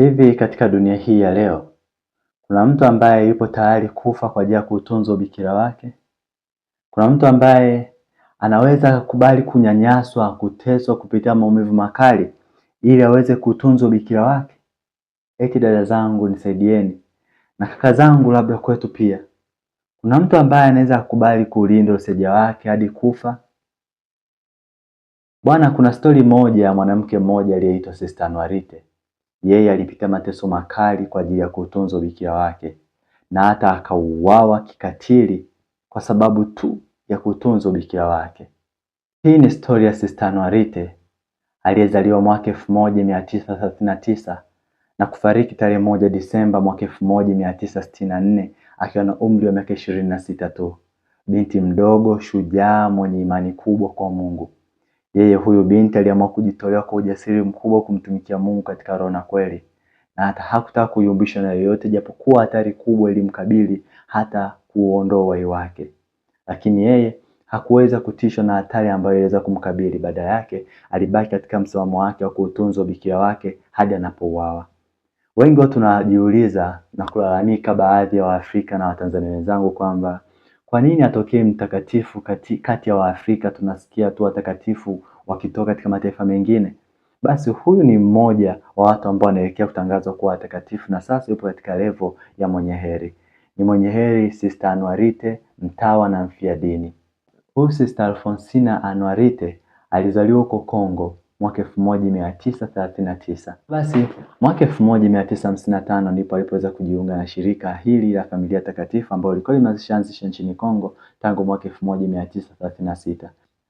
Hivi katika dunia hii ya leo kuna mtu ambaye yupo tayari kufa kwa ajili ya kuutunza ubikira wake? Kuna mtu ambaye anaweza kubali kunyanyaswa, kuteswa, kupitia maumivu makali ili aweze kuutunza ubikira wake? Eti dada zangu nisaidieni, na kaka zangu, labda kwetu pia kuna mtu ambaye anaweza kukubali kulinda useja wake hadi kufa? Bwana, kuna stori moja ya mwanamke mmoja aliyeitwa Sister Anwarite yeye alipitia mateso makali kwa ajili ya kutunza ubikia wake na hata akauawa kikatili kwa sababu tu ya kutunza ubikia wake. Hii ni stori ya Sista Noarite aliyezaliwa mwaka thelathini na kufariki tarehe moja Disemba mwaka nne akiwa na umri wa miaka sita tu, binti mdogo shujaa mwenye imani kubwa kwa Mungu. Yeye huyu binti aliamua kujitolea kwa ujasiri mkubwa kumtumikia Mungu katika roho na kweli, na hata hakutaka kuyumbishwa na yoyote, japokuwa hatari kubwa ilimkabili hata kuondoa uhai wake, lakini yeye hakuweza kutishwa na hatari ambayo iliweza kumkabili. Badala yake alibaki katika msimamo wake wa kuutunza ubikia wake hadi anapouawa. Wengi wao tunajiuliza na kulalamika, baadhi ya Waafrika na Watanzania wenzangu, kwamba kwa nini atokee mtakatifu kati, kati ya Waafrika? Tunasikia tu watakatifu wakitoka katika mataifa mengine. Basi huyu ni mmoja wa watu ambao wanaelekea kutangazwa kuwa watakatifu, na sasa yupo katika levo ya mwenye heri. Ni mwenye heri Sister Anwarite, mtawa na dini Huyu Sister Alfonsina Anwarite alizaliwa huko Kongo mwaka 1939. Basi mwaka 1955 ndipo alipoweza kujiunga na shirika hili la Familia Takatifu ambalo lilikuwa limeshaanzishwa nchini Kongo tangu mwaka 1936.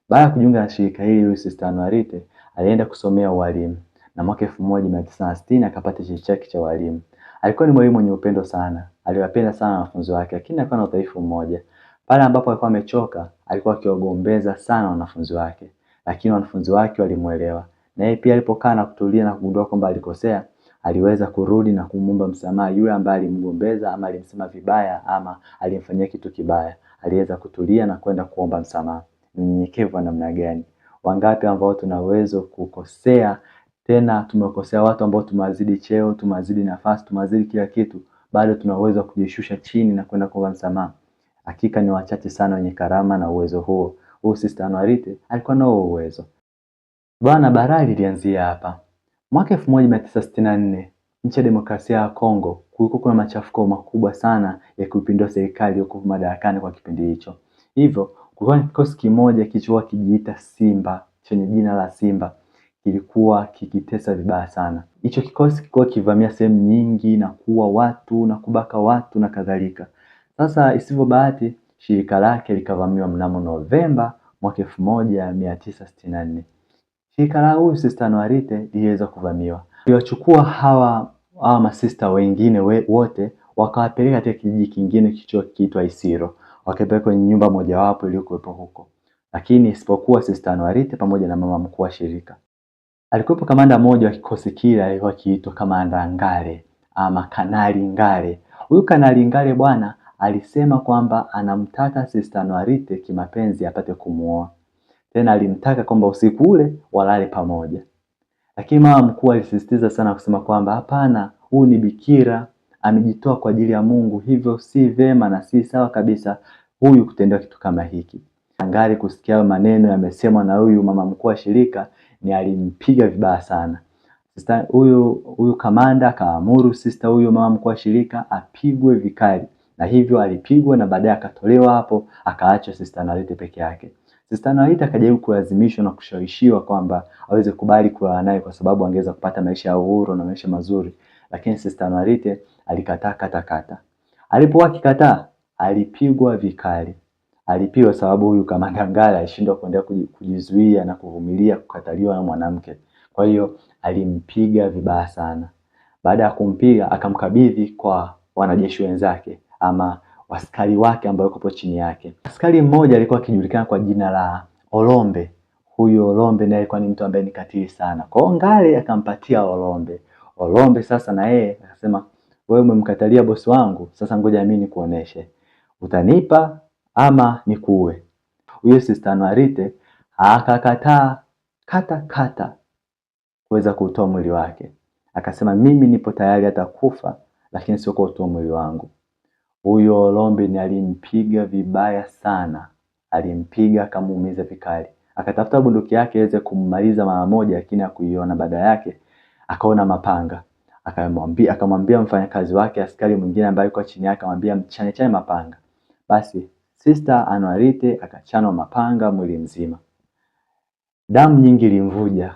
Baada ya kujiunga na shirika hili, huyu Sista Anuarite alienda kusomea ualimu na mwaka 1960 akapata cheti chake cha ualimu. Alikuwa ni mwalimu mwenye upendo sana, aliwapenda sana wanafunzi wake, lakini alikuwa na udhaifu mmoja. Pale ambapo alikuwa amechoka, alikuwa akiwagombeza sana wanafunzi wake lakini wanafunzi wake walimuelewa. Na yeye pia alipokaa na kutulia na kugundua kwamba alikosea, aliweza kurudi na kumwomba msamaha yule ambaye alimgombeza ama alimsema vibaya ama alimfanyia kitu kibaya. Aliweza kutulia na kwenda kuomba msamaha. Ni unyenyekevu wa namna gani? Wangapi ambao tuna uwezo kukosea, tena tumekosea watu ambao tumewazidi cheo, tumewazidi nafasi, tumewazidi kila kitu, bado tuna uwezo wa kujishusha chini na kwenda kuomba msamaha. Hakika ni wachache sana wenye karama na uwezo huo huyu Sista Anwarite alikuwa nao uwezo. Bwana, baraa lilianzia hapa. Mwaka nne nchi ya demokrasia ya Kongo kulikuwa kuna machafuko makubwa sana ya kuipindua serikali iliyokuwa madarakani kwa kipindi hicho. Hivyo kulikuwa na kikosi kimoja kilichokuwa kijiita Simba chenye jina la Simba kilikuwa kikitesa vibaya sana. Hicho kikosi kilikuwa kivamia sehemu nyingi na kuua watu na kubaka watu na kadhalika. Sasa isivyo bahati, Shirika lake likavamiwa mnamo Novemba mwaka elfu moja mia tisa nne. Shirika la huyu Sista Anuarite liliweza kuvamiwa. iliwachukua hawa hawa masista wengine we, wote wakawapeleka katika kijiji kingine kilichoitwa Isiro, wakapeleka kwenye nyumba mojawapo iliyokuwepo huko, lakini isipokuwa Sista Anuarite pamoja na mama mkuu wa shirika. Alikuwepo kamanda mmoja wa kikosi kile alikuwa akiitwa Kamanda Ngare ama Kanali Ngare. Huyu Kanali Ngare bwana Alisema kwamba anamtaka Sista Nwarite kimapenzi apate kumuoa Tena alimtaka kwamba usiku ule walale pamoja, lakini mama mkuu alisisitiza sana kusema kwamba hapana, huu ni bikira amejitoa kwa ajili ya Mungu, hivyo si vema na si sawa kabisa huyu kutendewa kitu kama hiki. Angari kusikia maneno yamesemwa na huyu mama mkuu wa shirika ni alimpiga vibaya sana sista huyu. Huyu kamanda akaamuru sista huyu mama mkuu wa shirika apigwe vikali na hivyo alipigwa na baadaye akatolewa hapo, akaacha Sister Analete peke yake. Sister Analete akajaribu kulazimishwa na kushawishiwa kwamba aweze kubali kuwa naye kwa sababu angeweza kupata maisha ya uhuru na maisha mazuri, lakini Sister Analete alikataa kata kata. Alipokuwa akikataa, alipigwa vikali. Alipigwa sababu huyu Kamanda Ngala alishindwa kuendelea kujizuia na kuvumilia kukataliwa na mwanamke. Kwa hiyo alimpiga vibaya sana. Baada ya kumpiga, akamkabidhi kwa wanajeshi wenzake ama askari wake ambao yuko hapo chini yake. Askari mmoja alikuwa akijulikana kwa jina la Olombe. Huyu Olombe naye alikuwa ni mtu ambaye ni katili sana. Kwa hiyo Ngale akampatia Olombe. Olombe sasa na yeye akasema, wewe umemkatalia bosi wangu, sasa ngoja mimi nikuoneshe. Utanipa ama nikuue. Huyo Sister Nwarite akakataa kata kata kuweza kutoa mwili wake. Akasema, mimi nipo tayari hata kufa, lakini sio kwa utoa mwili wangu. Huyo ni alimpiga vibaya sana, alimpiga akamuumiza vikali. Akatafuta bunduki yake aweze kummaliza mara moja, lakini hakuiona. Baada yake akaona mapanga, akamwambia akamwambia mfanyakazi wake askari mwingine ambaye yuko chini yake, akamwambia mchane chane mapanga. Basi Sister Anwarite akachanwa mapanga mwili mzima, damu nyingi ilimvuja,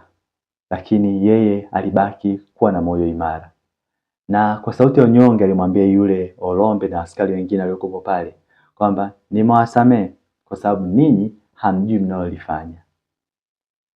lakini yeye alibaki kuwa na moyo imara na kwa sauti ya unyonge alimwambia yule Olombe na askari wengine waliokuwa pale kwamba nimewasamehe kwa sababu ninyi hamjui mnalolifanya.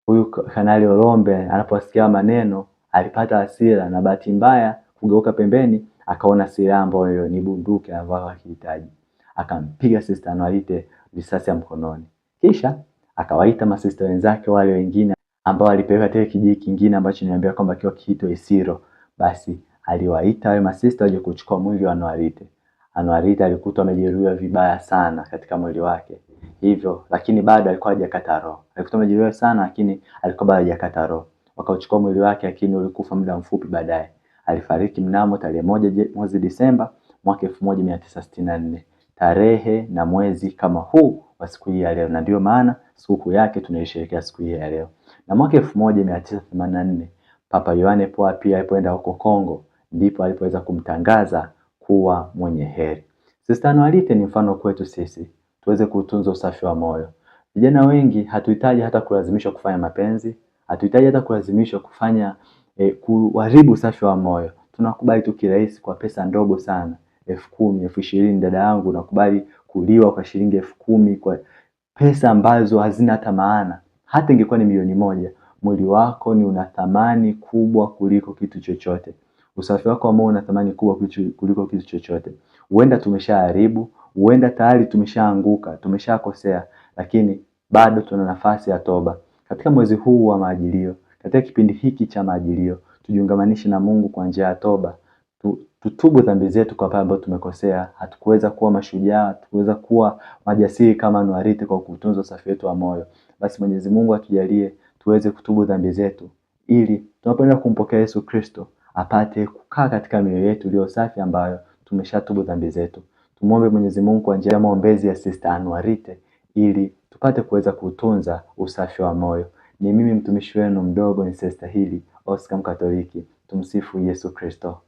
Huyu kanali Olombe anaposikia maneno alipata hasira na bahati mbaya kugeuka pembeni, akaona silaha ambayo ni bunduki ambayo akihitaji, akampiga sista Anuarite risasi ya mkononi, kisha akawaita masista wenzake wale wengine ambao alipeleka tele kijiji kingine ambacho niambia kwamba kiwa kiitwa Isiro basi aliwaita wale masista waje kuchukua mwili wa Anuarite. Anuarite alikutwa amejeruhiwa vibaya sana katika mwili wake hivyo, lakini bado alikuwa hajakata roho. Alikutwa amejeruhiwa sana, lakini alikuwa bado hajakata roho. Wakauchukua mwili wake, lakini ulikufa muda mfupi baadaye. Alifariki mnamo tarehe moja mwezi Disemba mwaka nne tarehe na mwezi kama huu wa siku hii ya leo, na ndio maana sikukuu yake tunaisherehekea siku hii ya leo. Na mwaka 1984 Papa Yohane Paul pia alipoenda huko Kongo ndipo alipoweza kumtangaza kuwa mwenye heri. Sista Anuarite ni mfano kwetu sisi tuweze kutunza usafi wa moyo. Vijana wengi hatuhitaji hata kulazimishwa kufanya mapenzi, hatuhitaji hata kulazimishwa kufanya eh, kuharibu usafi wa moyo. Tunakubali tu kirahisi kwa pesa ndogo sana, elfu kumi, elfu ishirini. Dada yangu, nakubali kuliwa kwa shilingi elfu kumi kwa pesa ambazo hazina hata maana. Hata ingekuwa ni milioni moja, mwili wako ni una thamani kubwa kuliko kitu chochote usafi wako ambao unatamani kubwa kuliko kitu chochote. Huenda tumeshaharibu, huenda tayari tumeshaanguka, tumeshakosea, lakini bado tuna nafasi ya toba. Katika mwezi huu wa maajilio. katika kipindi hiki cha maajilio, tujiungamanishe na Mungu kwa njia ya toba. Tutubu dhambi zetu kwa pale ambapo tumekosea. Hatukuweza kuwa mashujaa, hatukuweza kuwa majasiri kama Nuarite kwa kutunza usafi wetu wa moyo. Basi Mwenyezi Mungu atujalie tuweze kutubu dhambi zetu, ili tunapoenda kumpokea Yesu Kristo apate kukaa katika mioyo yetu iliyo safi ambayo tumeshatubu dhambi zetu. Tumwombe Mwenyezi Mungu kwa njia ya maombezi ya Sister Anwarite ili tupate kuweza kutunza usafi wa moyo. Ni mimi mtumishi wenu mdogo, ni Sister Hili Oscar Mkatoliki. Tumsifu Yesu Kristo.